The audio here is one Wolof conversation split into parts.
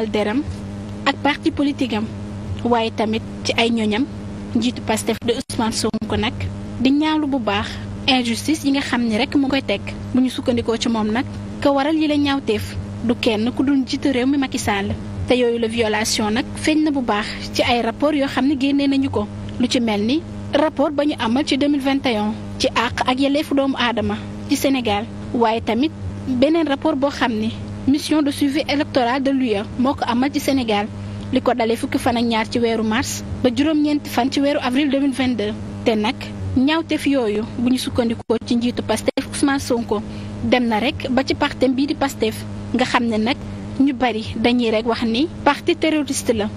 ñaawal deram ak parti politique am waaye tamit ci ay ñoñam njiitu Pastef de Ousmane Sonko nag di ñaawlu bu baax injustice yi nga xam ni rek mu koy teg bu ñu sukkandikoo ci moom nag ko waral yi la ñaawteef du kenn ku dul njiitu réew mi Macky Sall te yooyu la violation nag feeñ na bu baax ci ay rapport yoo xam ne génnee nañu ko lu ci mel ni rapport ba ñu amal ci 2021 ci àq ak yelleefu doomu aadama ci Sénégal waaye tamit beneen rapport boo xam ni mission de suivi électoral de l'UE moo ko amal ci Sénégal li ko dalee fukki fan ak ñaar ci weeru mars ba juróom-ñeenti fan ci weeru avril 2022 te nag ñaawteef yooyu bu ñu sukkandikoo ci njiitu Pastef Ousmane Sonko dem na rek ba ci partem bii di Pastef nga xam ne nag ñu bari dañuy rek wax ni parti terroriste la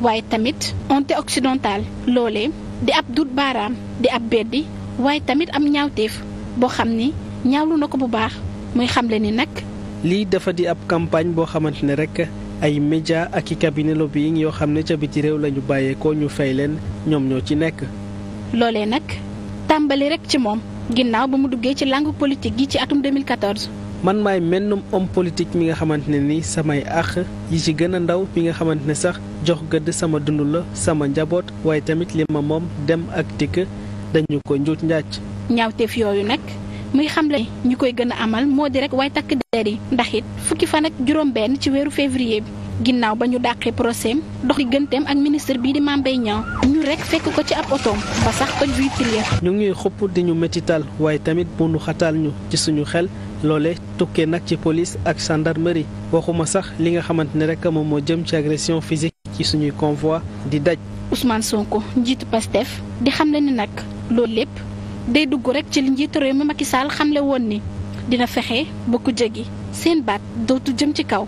waaye tamit onté occidental loolee di ab dut baaraam di ab beddi waaye tamit am ñaawteef boo xam ni ñaawlu na ko bu baax muy xamle ni nag lii dafa di ab campagne boo xamante ne rek ay média ak i cabinet lobbying yoo xam ne ca biti réew lañu bàyyeekoo ñu fay leen ñoom ñoo ci nekk. loolee nag tàmbali rek ci moom ginnaaw ba mu duggee ci langue politique yi ci atum 2014. man maay mennum om politique mi nga xamante ne ni samay àq yi ci gën a ndaw mi nga xamante ne sax jox gëdd sama dund la sama njaboot waaye tamit li ma moom dem ak dikk dañu ko njuut njaaj. ñaawteef yooyu nag. muy xamle ñi koy gën a amal moo di rek way takk der yi ndaxit fukki fan ak juróom-benn ci weeru février ginnaaw ba ñu dàqee procès dox digganteem ak ministre bii di Mame Mbaye Niang ñu fekk ko ci ab otoom ba sax toj vitrier ñu ngi xupp di ñu métital waaye tamit bunu xataal ñu ci suñu xel loole tukkee nag ci police ak gendarmerie waxuma sax li nga xamante ne rek moom moo jëm ci agression physique ci suñuy convoi di daj. Ousmane Sonko njiitu Pastef di xamle ni nag loolu lépp. day dugg rek ci li njiitu ma mi Macky Sall xamle woon ni dina fexe ba ku jegi seen baat dootu jëm ci kaw.